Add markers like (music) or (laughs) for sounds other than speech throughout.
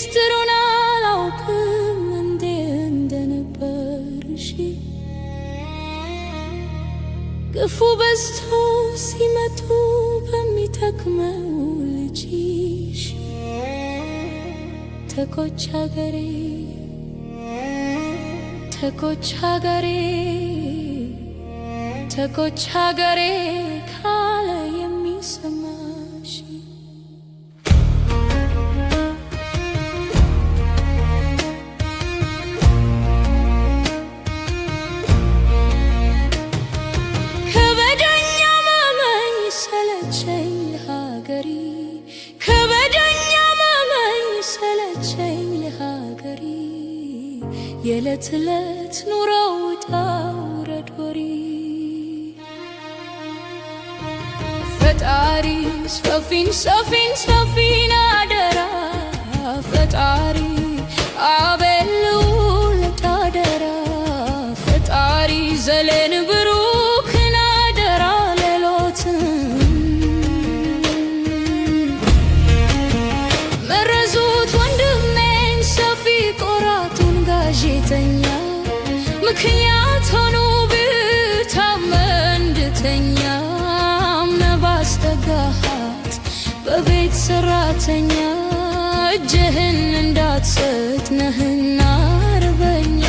ሚስጥሩን አላውቅም እንዴ እንደነበርሽ ግፉ በዝቶ ሲመቱ በሚጠቅመው ልጅሽ ተኮች ሀገሬ ተኮች ሀገሬ ተኮች ሀገሬ የዕለት ዕለት ወሪ ሰፊን ሰፊን ሰፊን አደራ ፈጣሪ አቤሉ ለታደራ ፈጣሪ ዳተኛ እጅህን እንዳትሰጥ ነህና አርበኛ።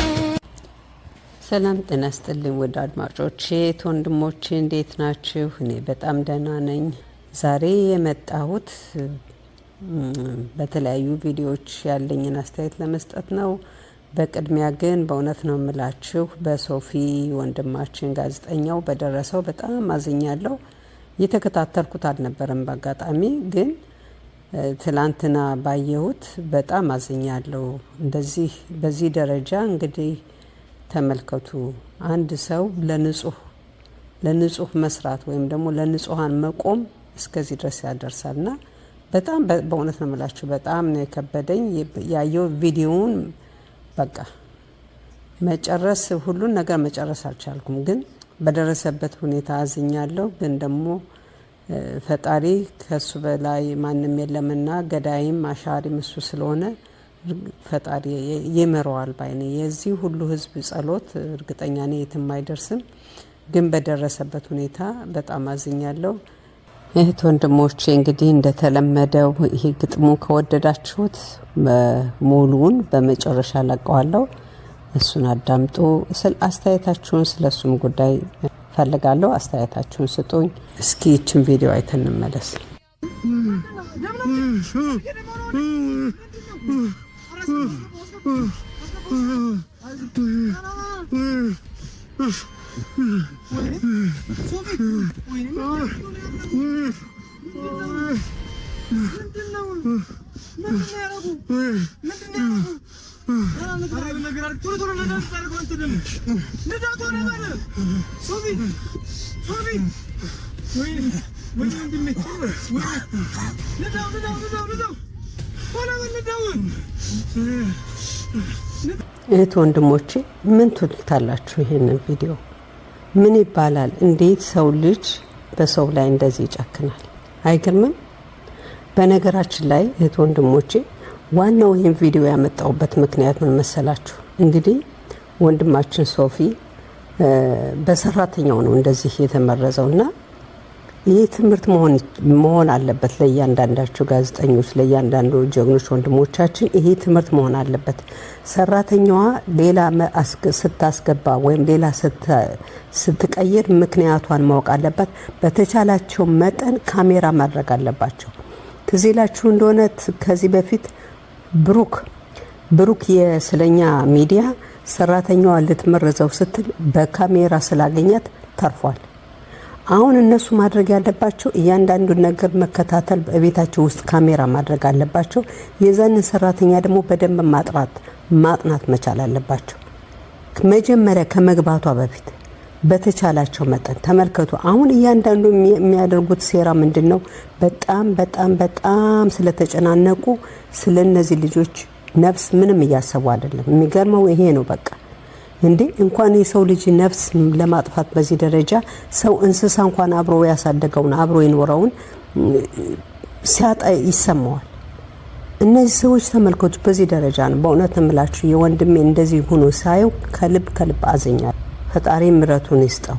ሰላም ጤና ስጥልኝ ውድ አድማጮቼ ወንድሞቼ፣ እንዴት ናችሁ? እኔ በጣም ደህና ነኝ። ዛሬ የመጣሁት በተለያዩ ቪዲዮዎች ያለኝን አስተያየት ለመስጠት ነው። በቅድሚያ ግን በእውነት ነው የምላችሁ በሶፊ ወንድማችን ጋዜጠኛው በደረሰው በጣም አዝኛለሁ። የተከታተልኩት አልነበረም። በአጋጣሚ ግን ትላንትና ባየሁት በጣም አዝኛለሁ። እንደዚህ በዚህ ደረጃ እንግዲህ ተመልከቱ። አንድ ሰው ለንጹህ ለንጹህ መስራት ወይም ደግሞ ለንጹሀን መቆም እስከዚህ ድረስ ያደርሳል ና በጣም በእውነት ነው የምላችሁ በጣም ነው የከበደኝ ያየው ቪዲዮውን በቃ መጨረስ ሁሉን ነገር መጨረስ አልቻልኩም፣ ግን በደረሰበት ሁኔታ አዝኛለሁ ግን ደግሞ ፈጣሪ ከሱ በላይ ማንም የለምና ገዳይም አሻሪም እሱ ስለሆነ ፈጣሪ ይምረዋል ባይነ የዚህ ሁሉ ህዝብ ጸሎት እርግጠኛ ነኝ የትም አይደርስም። ግን በደረሰበት ሁኔታ በጣም አዝኛለሁ። እህት ወንድሞቼ እንግዲህ እንደተለመደው ይሄ ግጥሙ ከወደዳችሁት ሙሉውን በመጨረሻ ለቀዋለሁ። እሱን አዳምጡ። ስለ አስተያየታችሁን ስለሱም ጉዳይ ፈልጋለሁ። አስተያየታችሁን ስጡኝ። እስኪ ይችን ቪዲዮ አይተን እንመለስ። እህት ወንድሞቼ ምን ትሉታላችሁ? ይሄንን ቪዲዮ ምን ይባላል? እንዴት ሰው ልጅ በሰው ላይ እንደዚህ ይጨክናል? አይገርምም? በነገራችን ላይ እህት ወንድሞቼ ዋናው ይህን ቪዲዮ ያመጣውበት ምክንያት ምን መሰላችሁ? እንግዲህ ወንድማችን ሶፊ በሰራተኛው ነው እንደዚህ የተመረዘው እና ይህ ትምህርት መሆን አለበት ለእያንዳንዳቸው ጋዜጠኞች፣ ለእያንዳንዱ ጀግኖች ወንድሞቻችን ይሄ ትምህርት መሆን አለበት። ሰራተኛዋ ሌላ ስታስገባ ወይም ሌላ ስትቀይር ምክንያቷን ማወቅ አለባት። በተቻላቸው መጠን ካሜራ ማድረግ አለባቸው። ትዝ ይላችሁ እንደሆነ ከዚህ በፊት ብሩክ ብሩክ የስለኛ ሚዲያ ሰራተኛዋ ልትመረዘው ስትል በካሜራ ስላገኛት ተርፏል። አሁን እነሱ ማድረግ ያለባቸው እያንዳንዱን ነገር መከታተል፣ በቤታቸው ውስጥ ካሜራ ማድረግ አለባቸው። የዛንን ሰራተኛ ደግሞ በደንብ ማጥራት ማጥናት መቻል አለባቸው መጀመሪያ ከመግባቷ በፊት በተቻላቸው መጠን ተመልከቱ። አሁን እያንዳንዱ የሚያደርጉት ሴራ ምንድን ነው? በጣም በጣም በጣም ስለተጨናነቁ ስለ እነዚህ ልጆች ነፍስ ምንም እያሰቡ አይደለም። የሚገርመው ይሄ ነው። በቃ እንዴ እንኳን የሰው ልጅ ነፍስ ለማጥፋት በዚህ ደረጃ ሰው እንስሳ እንኳን አብሮ ያሳደገውን አብሮ የኖረውን ሲያጣ ይሰማዋል። እነዚህ ሰዎች ተመልከቱ፣ በዚህ ደረጃ ነው። በእውነት እምላችሁ የወንድሜ እንደዚህ ሆኖ ሳየው ከልብ ከልብ አዘኛለሁ። ፈጣሪ ምረቱን ይስጠው።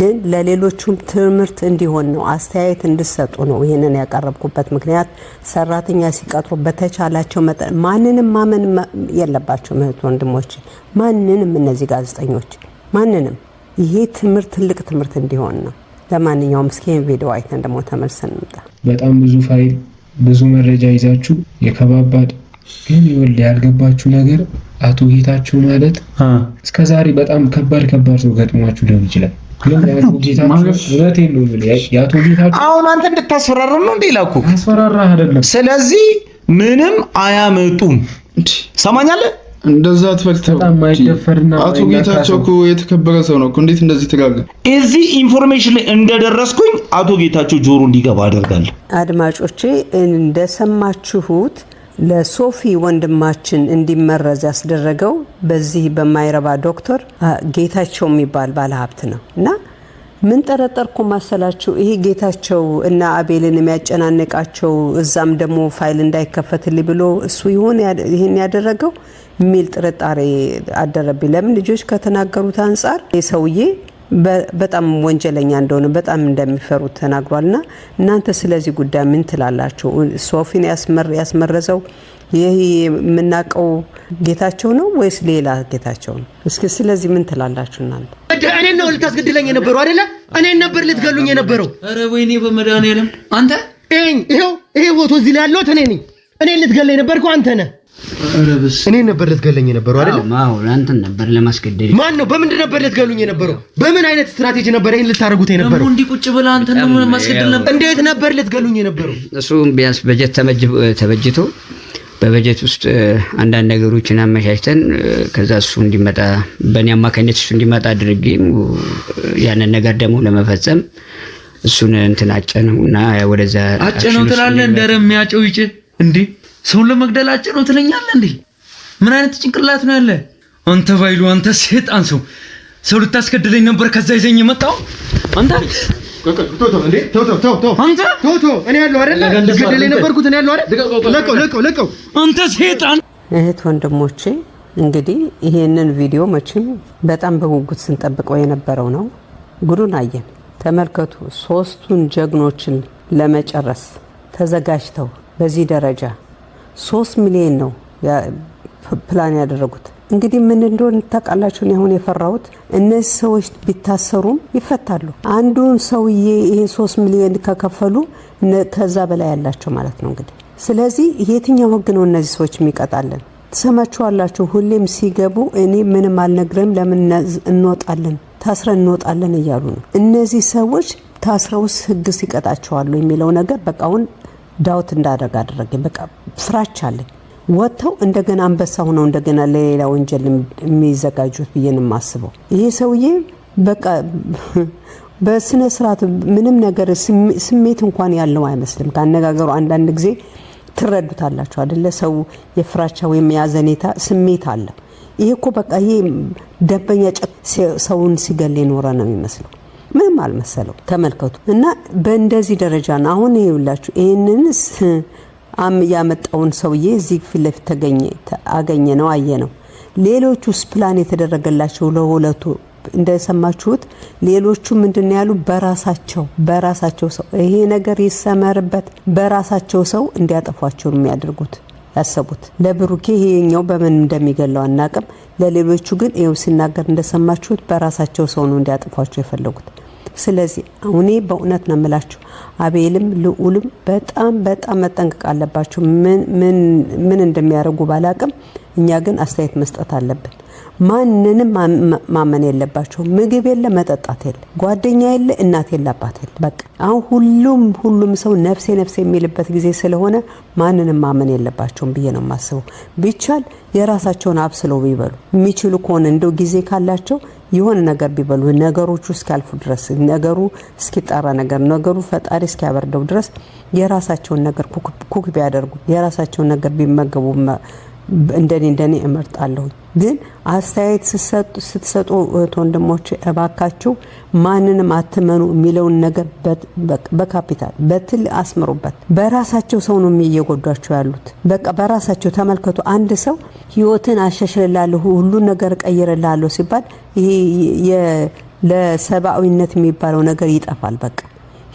ግን ለሌሎቹም ትምህርት እንዲሆን ነው፣ አስተያየት እንድሰጡ ነው ይህንን ያቀረብኩበት ምክንያት። ሰራተኛ ሲቀጥሩ በተቻላቸው መጠን ማንንም ማመን የለባቸው እህት ወንድሞች፣ ማንንም እነዚህ ጋዜጠኞች ማንንም። ይሄ ትምህርት ትልቅ ትምህርት እንዲሆን ነው። ለማንኛውም እስኪ ቪዲዮ አይተን ደግሞ ተመልሰን እንምጣ። በጣም ብዙ ፋይል ብዙ መረጃ ይዛችሁ የከባባድ ግን ይኸውልህ ያልገባችሁ ነገር አቶ ጌታቸው ማለት እስከ ዛሬ በጣም ከባድ ከባድ ሰው ገጥሟችሁ ሊሆን ይችላል። አሁን አንተ እንድታስፈራራ ነው እንዴ ላኩ? አስፈራራ አይደለም። ስለዚህ ምንም አያመጡም። ሰማኛለህ? እንደዛ ትፈክተው አቶ ጌታቸው እኮ የተከበረ ሰው ነው። እንዴት እንደዚህ ትላለህ? እዚህ ኢንፎርሜሽን ላይ እንደደረስኩኝ አቶ ጌታቸው ጆሮ እንዲገባ አደርጋለሁ። አድማጮቼ እንደሰማችሁት ለሶፊ ወንድማችን እንዲመረዝ ያስደረገው በዚህ በማይረባ ዶክተር ጌታቸው የሚባል ባለሀብት ነው እና ምን ጠረጠርኩ ማሰላችሁ? ይሄ ጌታቸው እና አቤልን የሚያጨናንቃቸው እዛም ደግሞ ፋይል እንዳይከፈትልኝ ብሎ እሱ ይሆን ይህን ያደረገው የሚል ጥርጣሬ አደረብኝ። ለምን ልጆች ከተናገሩት አንጻር ይህ ሰውዬ በጣም ወንጀለኛ እንደሆነ በጣም እንደሚፈሩት ተናግሯል። ና እናንተ ስለዚህ ጉዳይ ምን ትላላችሁ? ሶፊን ያስመረዘው ይህ የምናውቀው ጌታቸው ነው ወይስ ሌላ ጌታቸው ነው? እስኪ ስለዚህ ምን ትላላችሁ እናንተ? እኔን ነው ልታስገድለኝ የነበረው አደለ? እኔን ነበር ልትገሉኝ የነበረው። ኧረ ወይኔ በመድኃኒዓለም አንተ ይሄው ይሄ ቦቶ እዚህ ላይ ያለሁት እኔ ነኝ። እኔ ልትገለኝ የነበርከው አንተ ነህ። እኔ ነበር ልትገለኝ የነበረው አይደለም? አዎ አንተን ነበር ለማስገደድ። ማን ነው? በምንድን ነበር ልትገሉኝ የነበረው? በምን አይነት ስትራቴጂ ነበር ይሄን ልታደርጉት የነበረው? እንዲህ ቁጭ ብለህ አንተን ነው ለማስገደድ ነበር። እንዴት ነበር ልትገሉኝ የነበረው? እሱ ቢያንስ በጀት ተበጅቶ በበጀት ውስጥ አንዳንድ ነገሮችን አመቻችተን ከዛ እሱ እንዲመጣ በእኔ አማካኝነት እሱ እንዲመጣ አድርጌ ያንን ነገር ደግሞ ለመፈጸም እሱን እንትን አጨነው እና ወደዛ አጨነው ትላለህ። እንደረ ያጨው ይጭ እንዴ ሰውን አጭር ነው ትለኛለህ እንዴ? ምን አይነት ጭንቅላት ነው ያለ? አንተ ባይሉ አንተ ሴጣን ሰው ሰው ልታስገድለኝ ነበር። ከዛ ይዘኝ የመጣው አንተ አንተ ሴጣን። እህት ወንድሞቼ እንግዲህ ይሄንን ቪዲዮ መቼም በጣም በጉጉት ስንጠብቀው የነበረው ነው። ጉዱን አየን። ተመልከቱ። ሶስቱን ጀግኖችን ለመጨረስ ተዘጋጅተው በዚህ ደረጃ ሶስት ሚሊዮን ነው ፕላን ያደረጉት። እንግዲህ ምን እንደሆነ ታውቃላችሁ። አሁን የፈራሁት እነዚህ ሰዎች ቢታሰሩም ይፈታሉ። አንዱን ሰውዬ ይህን ሶስት ሚሊዮን ከከፈሉ ከዛ በላይ ያላቸው ማለት ነው። እንግዲህ ስለዚህ የትኛው ህግ ነው እነዚህ ሰዎች የሚቀጣለን? ትሰማችኋላችሁ። ሁሌም ሲገቡ እኔ ምንም አልነግርም፣ ለምን እንወጣለን፣ ታስረን እንወጣለን እያሉ ነው እነዚህ ሰዎች ታስረውስ ህግ ሲቀጣቸዋሉ የሚለው ነገር በቃ አሁን ዳውት እንዳደረግ አደረገኝ። በቃ ፍራቻ አለኝ። ወጥተው እንደገና አንበሳ ሆነው እንደገና ለሌላ ወንጀል የሚዘጋጁት ብዬን ነው የማስበው። ይሄ ሰውዬ በቃ (laughs) በስነ ስርዓት ምንም ነገር ስሜት እንኳን ያለው አይመስልም። ከአነጋገሩ አንዳንድ ጊዜ ትረዱታላችሁ አደለ? ሰው የፍራቻ ወይም የአዘኔታ ስሜት አለ። ይሄ እኮ በቃ ይሄ ደንበኛ ሰውን ሲገል የኖረ ነው የሚመስለው። ምንም አልመሰለው ተመልከቱ። እና በእንደዚህ ደረጃ ነው አሁን ይኸውላችሁ ይህንንስ አም ያመጣውን ሰውዬ እዚህ ፊት ለፊት ተገኘ አገኘ ነው አየ ነው። ሌሎቹስ ፕላን የተደረገላቸው ለሁለቱ እንደሰማችሁት ሌሎቹ ምንድን ያሉ በራሳቸው በራሳቸው ሰው ይሄ ነገር ይሰመርበት በራሳቸው ሰው እንዲያጠፏቸው ነው የሚያደርጉት ያሰቡት። ለብሩኬ ይሄኛው በምን እንደሚገለው አናቅም። ለሌሎቹ ግን ይኸው ሲናገር እንደሰማችሁት በራሳቸው ሰው ነው እንዲያጠፏቸው የፈለጉት። ስለዚህ እኔ በእውነት ነው የምላችሁ አቤልም ልዑልም በጣም በጣም መጠንቀቅ አለባችሁ። ምን እንደሚያደርጉ ባላቅም፣ እኛ ግን አስተያየት መስጠት አለብን። ማንንም ማመን የለባቸው። ምግብ የለ፣ መጠጣት የለ፣ ጓደኛ የለ፣ እናት የለ፣ አባት የለ። በቃ አሁን ሁሉም ሁሉም ሰው ነፍሴ ነፍሴ የሚልበት ጊዜ ስለሆነ ማንንም ማመን የለባቸውም ብዬ ነው የማስበው። ቢቻል የራሳቸውን አብስለው ቢበሉ የሚችሉ ከሆነ እንደው ጊዜ ካላቸው የሆነ ነገር ቢበሉ ነገሮቹ እስኪያልፉ ድረስ ነገሩ እስኪጣራ ነገር ነገሩ ፈጣሪ እስኪያበርደው ድረስ የራሳቸውን ነገር ኩክ ቢያደርጉ የራሳቸውን ነገር ቢመገቡ እንደኔ እንደኔ እመርጣለሁ። ግን አስተያየት ስትሰጡ እህት ወንድሞች እባካችሁ ማንንም አትመኑ የሚለውን ነገር በካፒታል በትል አስምሩበት። በራሳቸው ሰው ነው እየጎዷቸው ያሉት። በቃ በራሳቸው ተመልከቱ። አንድ ሰው ህይወትን አሻሽልላለሁ ሁሉ ነገር ቀይርላለሁ ሲባል ይሄ ለሰብአዊነት የሚባለው ነገር ይጠፋል በቃ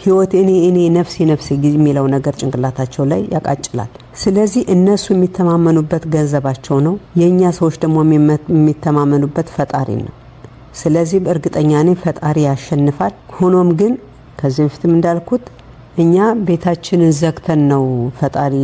ህይወት እኔ እኔ ነፍሴ ነፍሴ የሚለው ነገር ጭንቅላታቸው ላይ ያቃጭላል። ስለዚህ እነሱ የሚተማመኑበት ገንዘባቸው ነው። የእኛ ሰዎች ደግሞ የሚተማመኑበት ፈጣሪ ነው። ስለዚህ እርግጠኛ ነኝ ፈጣሪ ያሸንፋል። ሆኖም ግን ከዚህ በፊትም እንዳልኩት እኛ ቤታችንን ዘግተን ነው ፈጣሪ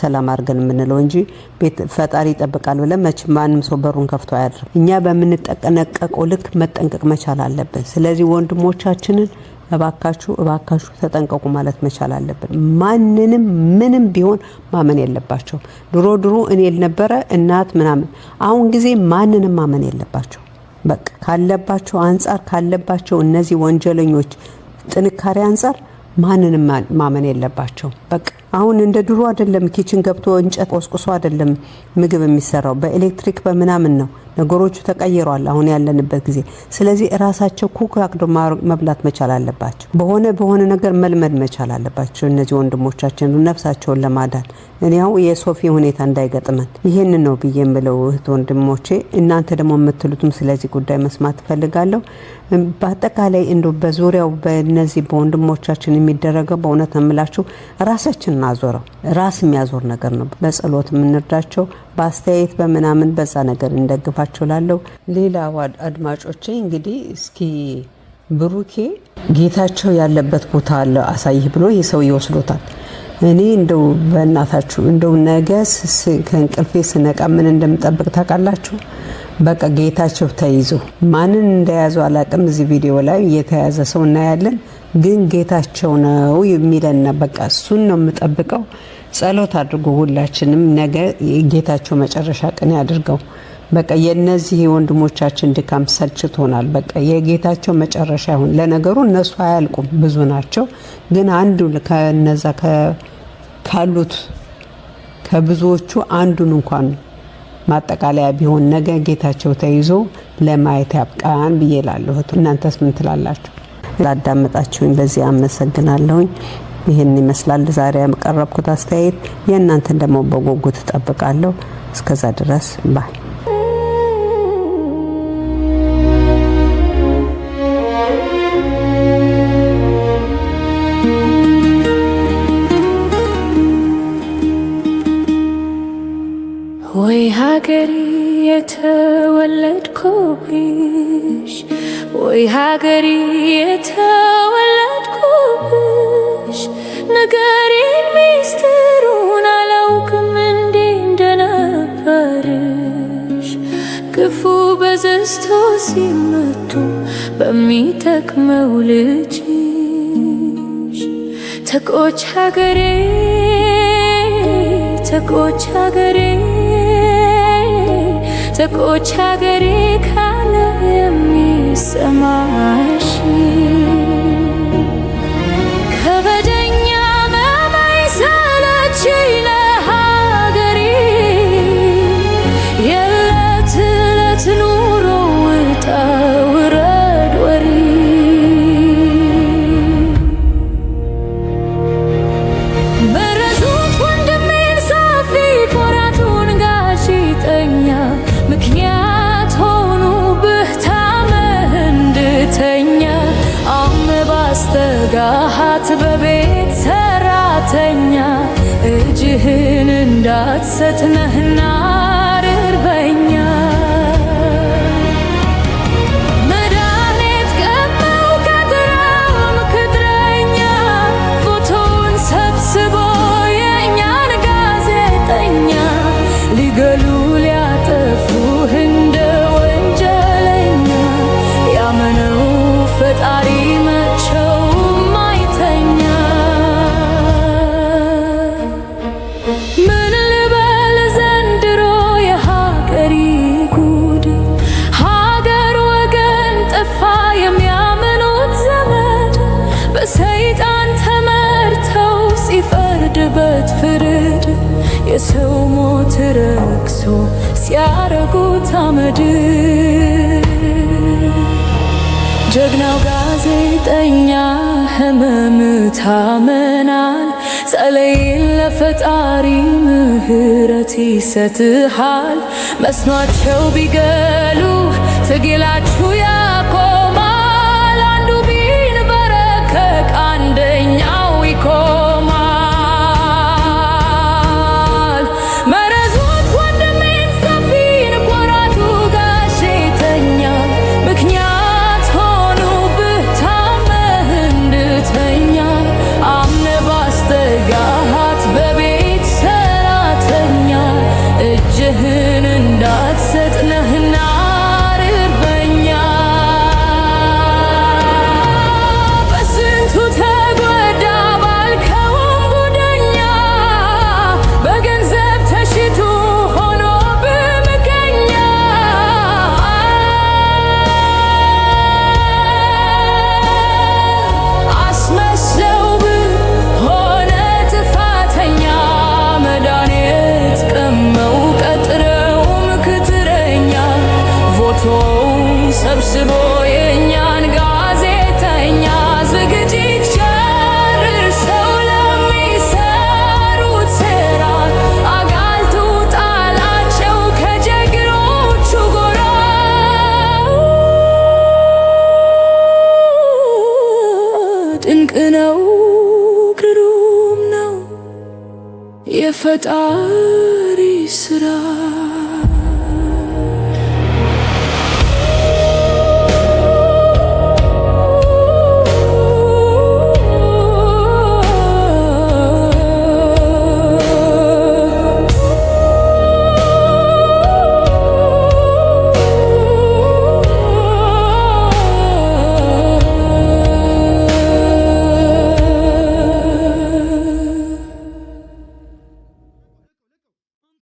ሰላም አድርገን የምንለው እንጂ ቤት ፈጣሪ ይጠብቃል ብለን መች ማንም ሰው በሩን ከፍቶ አያድርም። እኛ በምንጠነቀቀው ልክ መጠንቀቅ መቻል አለብን። ስለዚህ ወንድሞቻችንን እባካችሁ እባካችሁ ተጠንቀቁ ማለት መቻል አለብን። ማንንም ምንም ቢሆን ማመን የለባቸው። ድሮ ድሮ እኔ ነበረ እናት ምናምን፣ አሁን ጊዜ ማንንም ማመን የለባቸው። በቃ ካለባቸው አንጻር ካለባቸው እነዚህ ወንጀለኞች ጥንካሬ አንጻር ማንንም ማመን የለባቸው በቃ አሁን እንደ ድሮ አይደለም። ኪችን ገብቶ እንጨት ቆስቁሶ አይደለም ምግብ የሚሰራው በኤሌክትሪክ በምናምን ነው። ነገሮቹ ተቀይረዋል፣ አሁን ያለንበት ጊዜ። ስለዚህ እራሳቸው ኩክ አቅዶ መብላት መቻል አለባቸው። በሆነ በሆነ ነገር መልመድ መቻል አለባቸው። እነዚህ ወንድሞቻችን ነፍሳቸውን ለማዳን እኒያው የሶፊ ሁኔታ እንዳይገጥመን ይህንን ነው ብዬ የምለው እህት ወንድሞቼ። እናንተ ደግሞ የምትሉትም ስለዚህ ጉዳይ መስማት ትፈልጋለሁ በአጠቃላይ እንዶ በዙሪያው በነዚህ በወንድሞቻችን የሚደረገው በእውነት ምላችሁ ራሳችን እናዞረው ራስ የሚያዞር ነገር ነው። በጸሎት የምንርዳቸው በአስተያየት በምናምን በዛ ነገር እንደግፋቸው ላለው ሌላ አድማጮች እንግዲህ እስኪ ብሩኬ ጌታቸው ያለበት ቦታ አለ አሳይህ ብሎ ይህ ሰው ይወስዶታል። እኔ እንደው በእናታችሁ እንደው ነገ ከእንቅልፌ ስነቃ ምን እንደምጠብቅ ታውቃላችሁ? በቃ ጌታቸው ተይዞ ማንን እንደያዘው አላቅም። እዚህ ቪዲዮ ላይ የተያዘ ሰው እናያለን፣ ግን ጌታቸው ነው የሚለና በቃ እሱን ነው የምጠብቀው። ጸሎት አድርጎ ሁላችንም ነገ የጌታቸው መጨረሻ ቀን ያድርገው። በቃ የነዚህ የወንድሞቻችን ድካም ሰልችቶናል። በቃ የጌታቸው መጨረሻ ይሁን። ለነገሩ እነሱ አያልቁም፣ ብዙ ናቸው። ግን አንዱ ከነዛ ካሉት ከብዙዎቹ አንዱን እንኳን ማጠቃለያ ቢሆን ነገ ጌታቸው ተይዞ ለማየት ያብቃን ብዬ ላለሁት። እናንተስ ምን ትላላችሁ? ላዳመጣችሁኝ በዚህ አመሰግናለሁኝ። ይህን ይመስላል ዛሬ ያቀረብኩት አስተያየት። የእናንተን ደግሞ በጉጉት እጠብቃለሁ። እስከዛ ድረስ ባይ ወይ ሀገሬ የተወለድኩብሽ ወይ ሀገሬ ነገሬን ሚስጥሩን አላውቅም እንዴ እንደነበርሽ ክፉ በዘዝቶ ሲመቱ በሚጠቅመው ልጅሽ ተቆች ሀገሬ ተቆች ሀገሬ ተቆች ሀገሬ ካለ የሚሰማሽ ጥፋተኛ እጅህን እንዳትሰጥ ነህና ርርበኛ መድኃኒት ቀመው ከትራም ክድረኛ ፎቶን ሰብስቦ የእኛን ጋዜጠኛ ሊገሉ ሊያ ሲያረጉት አመድ ጀግናው ጋዜጠኛ ህመም ታመናል ጸለይን ለፈጣሪ ምህረት ይሰትሃል መስኗቸው ቢገሉ ትግላችሁ የፈጣሪ ስራ